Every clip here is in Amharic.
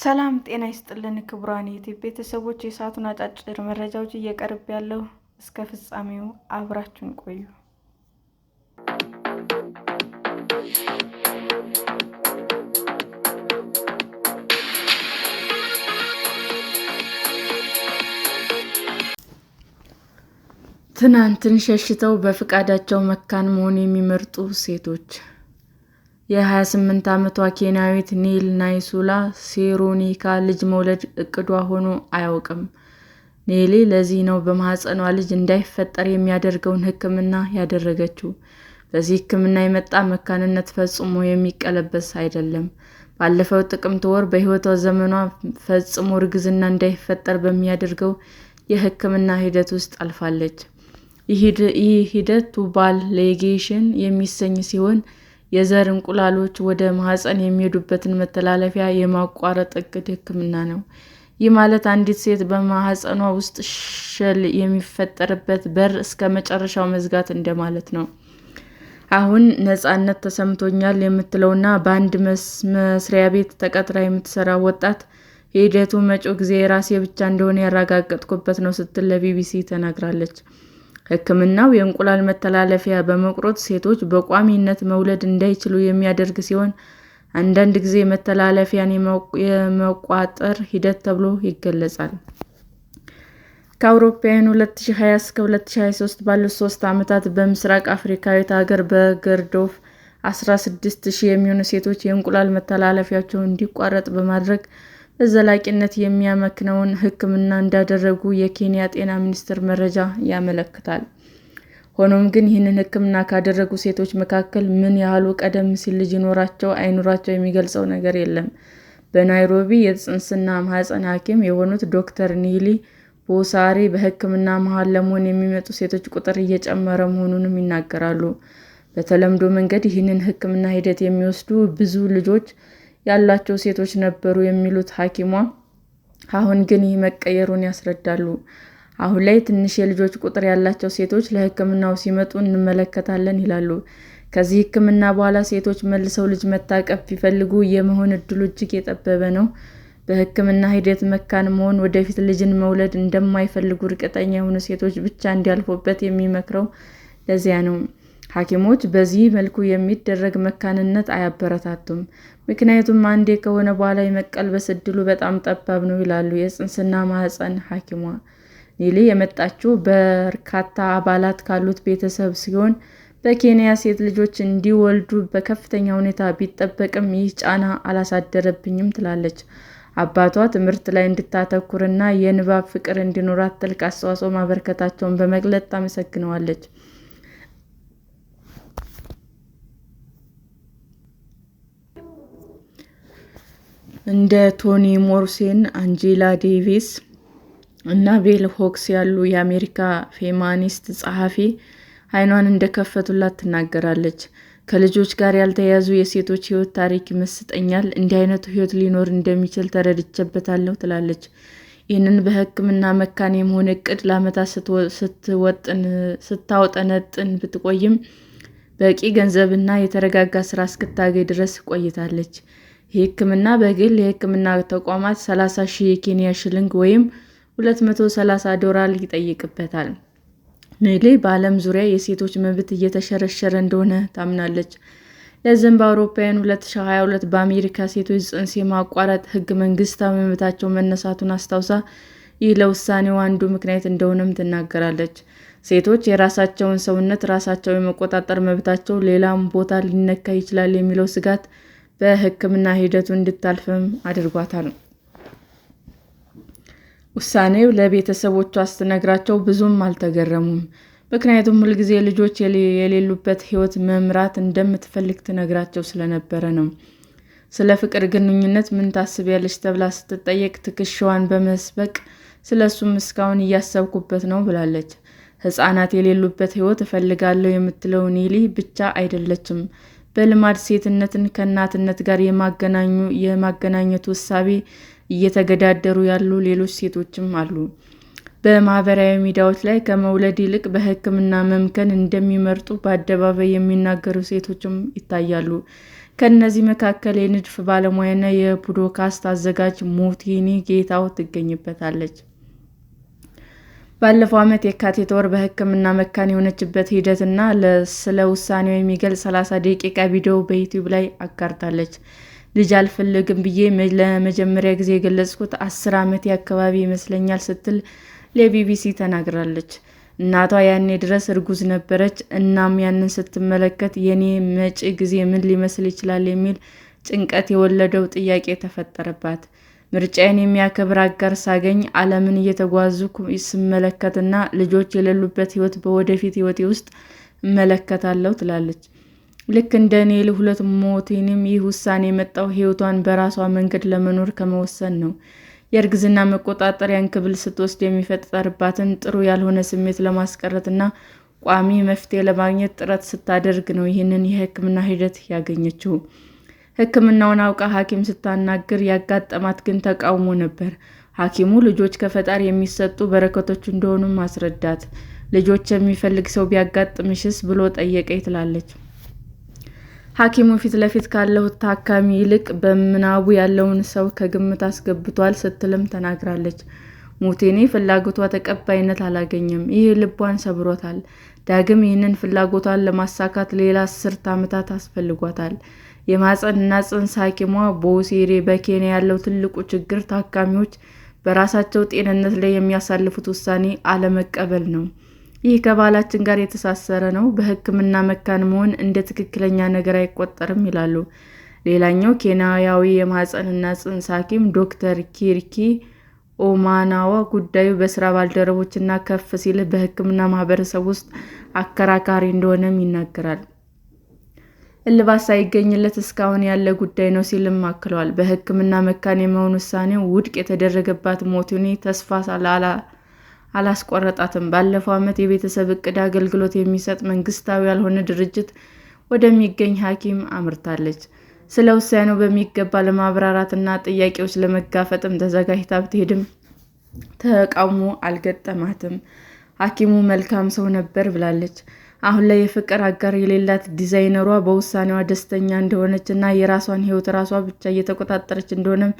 ሰላም ጤና ይስጥልን ክቡራን ዩቲ ቤተሰቦች፣ የሰዓቱን አጫጭር መረጃዎች እየቀርብ ያለው እስከ ፍጻሜው አብራችሁን ቆዩ። ትናንትን ሸሽተው በፈቃዳቸው መካን መሆን የሚመርጡ ሴቶች። የ28 ዓመቷ ኬንያዊት ኔል ናይሱላ ሴሮኒካ ልጅ መውለድ እቅዷ ሆኖ አያውቅም። ኔሌ ለዚህ ነው በማህፀኗ ልጅ እንዳይፈጠር የሚያደርገውን ሕክምና ያደረገችው። በዚህ ሕክምና የመጣ መካንነት ፈጽሞ የሚቀለበስ አይደለም። ባለፈው ጥቅምት ወር በሕይወቷ ዘመኗ ፈጽሞ እርግዝና እንዳይፈጠር በሚያደርገው የሕክምና ሂደት ውስጥ አልፋለች። ይህ ሂደት ቱባል ሌጌሽን የሚሰኝ ሲሆን የዘር እንቁላሎች ወደ ማህፀን የሚሄዱበትን መተላለፊያ የማቋረጥ እቅድ ህክምና ነው። ይህ ማለት አንዲት ሴት በማህፀኗ ውስጥ ሸል የሚፈጠርበት በር እስከ መጨረሻው መዝጋት እንደማለት ነው። አሁን ነፃነት ተሰምቶኛል የምትለውና በአንድ መስሪያ ቤት ተቀጥራ የምትሰራ ወጣት ሂደቱ መጪው ጊዜ የራሴ ብቻ እንደሆነ ያረጋገጥኩበት ነው ስትል ለቢቢሲ ተናግራለች። ሕክምናው የእንቁላል መተላለፊያ በመቁረጥ ሴቶች በቋሚነት መውለድ እንዳይችሉ የሚያደርግ ሲሆን አንዳንድ ጊዜ መተላለፊያን የመቋጠር ሂደት ተብሎ ይገለጻል። ከአውሮፓውያን 2020 እስከ 2023 ባሉት ሶስት ዓመታት በምስራቅ አፍሪካዊት ሀገር በገርዶፍ 16,000 የሚሆኑ ሴቶች የእንቁላል መተላለፊያቸው እንዲቋረጥ በማድረግ ዘላቂነት የሚያመክነውን ሕክምና እንዳደረጉ የኬንያ ጤና ሚኒስቴር መረጃ ያመለክታል። ሆኖም ግን ይህንን ሕክምና ካደረጉ ሴቶች መካከል ምን ያህሉ ቀደም ሲል ልጅ ይኖራቸው አይኖራቸው የሚገልጸው ነገር የለም። በናይሮቢ የጽንስና ማህፀን ሐኪም የሆኑት ዶክተር ኒሊ ቦሳሪ በሕክምና መሃል ለመሆን የሚመጡ ሴቶች ቁጥር እየጨመረ መሆኑንም ይናገራሉ። በተለምዶ መንገድ ይህንን ሕክምና ሂደት የሚወስዱ ብዙ ልጆች ያላቸው ሴቶች ነበሩ የሚሉት ሐኪሟ፣ አሁን ግን ይህ መቀየሩን ያስረዳሉ። አሁን ላይ ትንሽ የልጆች ቁጥር ያላቸው ሴቶች ለሕክምናው ሲመጡ እንመለከታለን ይላሉ። ከዚህ ሕክምና በኋላ ሴቶች መልሰው ልጅ መታቀፍ ቢፈልጉ የመሆን እድሉ እጅግ የጠበበ ነው። በሕክምና ሂደት መካን መሆን ወደፊት ልጅን መውለድ እንደማይፈልጉ እርግጠኛ የሆኑ ሴቶች ብቻ እንዲያልፉበት የሚመክረው ለዚያ ነው። ሐኪሞች በዚህ መልኩ የሚደረግ መካንነት አያበረታቱም። ምክንያቱም አንዴ ከሆነ በኋላ የመቀልበስ ዕድሉ በጣም ጠባብ ነው ይላሉ የፅንስና ማህፀን ሐኪሟ። ኒሊ የመጣችው በርካታ አባላት ካሉት ቤተሰብ ሲሆን በኬንያ ሴት ልጆች እንዲወልዱ በከፍተኛ ሁኔታ ቢጠበቅም ይህ ጫና አላሳደረብኝም ትላለች። አባቷ ትምህርት ላይ እንድታተኩርና የንባብ ፍቅር እንዲኖራት ጥልቅ አስተዋጽኦ ማበረከታቸውን በመግለጽ ታመሰግነዋለች። እንደ ቶኒ ሞርሴን፣ አንጄላ ዴቪስ እና ቤል ሆክስ ያሉ የአሜሪካ ፌማኒስት ጸሐፊ አይኗን እንደከፈቱላት ትናገራለች። ከልጆች ጋር ያልተያዙ የሴቶች ሕይወት ታሪክ ይመስጠኛል። እንዲህ አይነቱ ሕይወት ሊኖር እንደሚችል ተረድቼበታለሁ ትላለች። ይህንን በሕክምና መካን የመሆን እቅድ ለዓመታት ስታወጠነጥን ብትቆይም በቂ ገንዘብና የተረጋጋ ስራ እስክታገኝ ድረስ ቆይታለች። የህክምና በግል የህክምና ተቋማት 30 ሺህ የኬንያ ሽልንግ ወይም 230 መቶ ዶላር ይጠይቅበታል። ኔሌ በዓለም ዙሪያ የሴቶች መብት እየተሸረሸረ እንደሆነ ታምናለች። ለዚህም በአውሮፓውያን 2022 በአሜሪካ ሴቶች ጽንስ የማቋረጥ ህግ መንግስታዊ መብታቸው መነሳቱን አስታውሳ ይህ ለውሳኔው አንዱ ምክንያት እንደሆነም ትናገራለች። ሴቶች የራሳቸውን ሰውነት ራሳቸው የመቆጣጠር መብታቸው ሌላም ቦታ ሊነካ ይችላል የሚለው ስጋት በሕክምና ሂደቱ እንድታልፍም አድርጓታል። ውሳኔው ለቤተሰቦቿ ስትነግራቸው ብዙም አልተገረሙም። ምክንያቱም ሁልጊዜ ልጆች የሌሉበት ሕይወት መምራት እንደምትፈልግ ትነግራቸው ስለነበረ ነው። ስለ ፍቅር ግንኙነት ምን ታስቢያለሽ ተብላ ስትጠየቅ ትከሻዋን በመስበቅ ስለ እሱም እስካሁን እያሰብኩበት ነው ብላለች። ሕፃናት የሌሉበት ሕይወት እፈልጋለሁ የምትለው ኔሊ ብቻ አይደለችም። በልማድ ሴትነትን ከእናትነት ጋር የማገናኘት እሳቤ እየተገዳደሩ ያሉ ሌሎች ሴቶችም አሉ። በማህበራዊ ሚዲያዎች ላይ ከመውለድ ይልቅ በሕክምና መምከን እንደሚመርጡ በአደባባይ የሚናገሩ ሴቶችም ይታያሉ። ከእነዚህ መካከል የንድፍ ባለሙያና የፖድካስት አዘጋጅ ሞቲኒ ጌታው ትገኝበታለች። ባለፈው ዓመት የካቲት ወር በሕክምና መካን የሆነችበት ሂደት እና ስለ ውሳኔው የሚገልጽ 30 ደቂቃ ቪዲዮ በዩቲዩብ ላይ አጋርታለች። ልጅ አልፈልግም ብዬ ለመጀመሪያ ጊዜ የገለጽኩት አስር ዓመቴ አካባቢ ይመስለኛል ስትል ለቢቢሲ ተናግራለች። እናቷ ያኔ ድረስ እርጉዝ ነበረች። እናም ያንን ስትመለከት የኔ መጪ ጊዜ ምን ሊመስል ይችላል የሚል ጭንቀት የወለደው ጥያቄ ተፈጠረባት። ምርጫዬን የሚያከብር አጋር ሳገኝ ዓለምን እየተጓዝኩ ስመለከትና ልጆች የሌሉበት ሕይወት በወደፊት ሕይወቴ ውስጥ እመለከታለሁ ትላለች። ልክ እንደ ኔል ሁለት ሞቴንም ይህ ውሳኔ የመጣው ሕይወቷን በራሷ መንገድ ለመኖር ከመወሰን ነው። የእርግዝና መቆጣጠሪያ እንክብል ስትወስድ የሚፈጠርባትን ጥሩ ያልሆነ ስሜት ለማስቀረትና ቋሚ መፍትሄ ለማግኘት ጥረት ስታደርግ ነው ይህንን የሕክምና ሂደት ያገኘችው። ሕክምናውን አውቃ ሐኪም ስታናግር ያጋጠማት ግን ተቃውሞ ነበር። ሐኪሙ ልጆች ከፈጣሪ የሚሰጡ በረከቶች እንደሆኑም አስረዳት። ልጆች የሚፈልግ ሰው ቢያጋጥምሽስ ብሎ ጠየቀኝ ትላለች። ሐኪሙ ፊት ለፊት ካለው ታካሚ ይልቅ በምናቡ ያለውን ሰው ከግምት አስገብቷል ስትልም ተናግራለች። ሙቴኔ ፍላጎቷ ተቀባይነት አላገኘም። ይህ ልቧን ሰብሮታል። ዳግም ይህንን ፍላጎቷን ለማሳካት ሌላ አስርት ዓመታት አስፈልጓታል። የማህጸንና ጽንስ ሐኪሟ ቡሴሪ በኬንያ ያለው ትልቁ ችግር ታካሚዎች በራሳቸው ጤንነት ላይ የሚያሳልፉት ውሳኔ አለመቀበል ነው። ይህ ከባህላችን ጋር የተሳሰረ ነው። በሕክምና መካን መሆን እንደ ትክክለኛ ነገር አይቆጠርም ይላሉ። ሌላኛው ኬንያዊ የማህጸንና ጽንስ ሐኪም ዶክተር ኪርኪ ኦማናዋ ጉዳዩ በስራ ባልደረቦችና ከፍ ሲል በሕክምና ማህበረሰብ ውስጥ አከራካሪ እንደሆነም ይናገራል። እልባት ሳይገኝለት እስካሁን ያለ ጉዳይ ነው ሲልም አክለዋል። በሕክምና መካን የመሆን ውሳኔው ውድቅ የተደረገባት ሞቱኒ ተስፋ አላስቆረጣትም። ባለፈው ዓመት የቤተሰብ እቅድ አገልግሎት የሚሰጥ መንግስታዊ ያልሆነ ድርጅት ወደሚገኝ ሐኪም አምርታለች። ስለ ውሳኔው በሚገባ ለማብራራትና ጥያቄዎች ለመጋፈጥም ተዘጋጅታ ብትሄድም ተቃውሞ አልገጠማትም። ሐኪሙ መልካም ሰው ነበር ብላለች። አሁን ላይ የፍቅር አጋር የሌላት ዲዛይነሯ በውሳኔዋ ደስተኛ እንደሆነች እና የራሷን ህይወት ራሷ ብቻ እየተቆጣጠረች እንደሆነም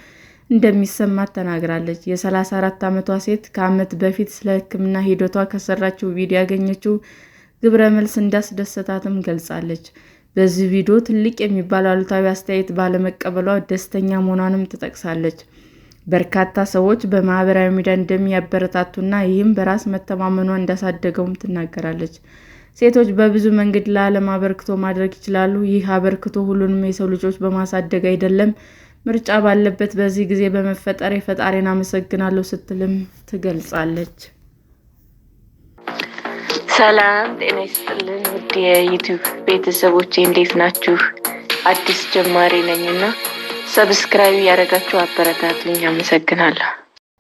እንደሚሰማት ተናግራለች። የ34 ዓመቷ ሴት ከዓመት በፊት ስለ ሕክምና ሂደቷ ከሰራችው ቪዲዮ ያገኘችው ግብረ መልስ እንዳስደሰታትም ገልጻለች። በዚህ ቪዲዮ ትልቅ የሚባል አሉታዊ አስተያየት ባለመቀበሏ ደስተኛ መሆኗንም ትጠቅሳለች። በርካታ ሰዎች በማህበራዊ ሚዲያ እንደሚያበረታቱና ይህም በራስ መተማመኗ እንዳሳደገውም ትናገራለች። ሴቶች በብዙ መንገድ ለዓለም አበርክቶ ማድረግ ይችላሉ። ይህ አበርክቶ ሁሉንም የሰው ልጆች በማሳደግ አይደለም፣ ምርጫ ባለበት በዚህ ጊዜ በመፈጠር የፈጣሪን አመሰግናለሁ ስትልም ትገልጻለች። ሰላም ጤና ይስጥልን ውድ የዩቲዩብ ቤተሰቦቼ እንዴት ናችሁ? አዲስ ጀማሪ ነኝና ሰብስክራይብ ያደረጋችሁ አበረታትልኝ። አመሰግናለሁ።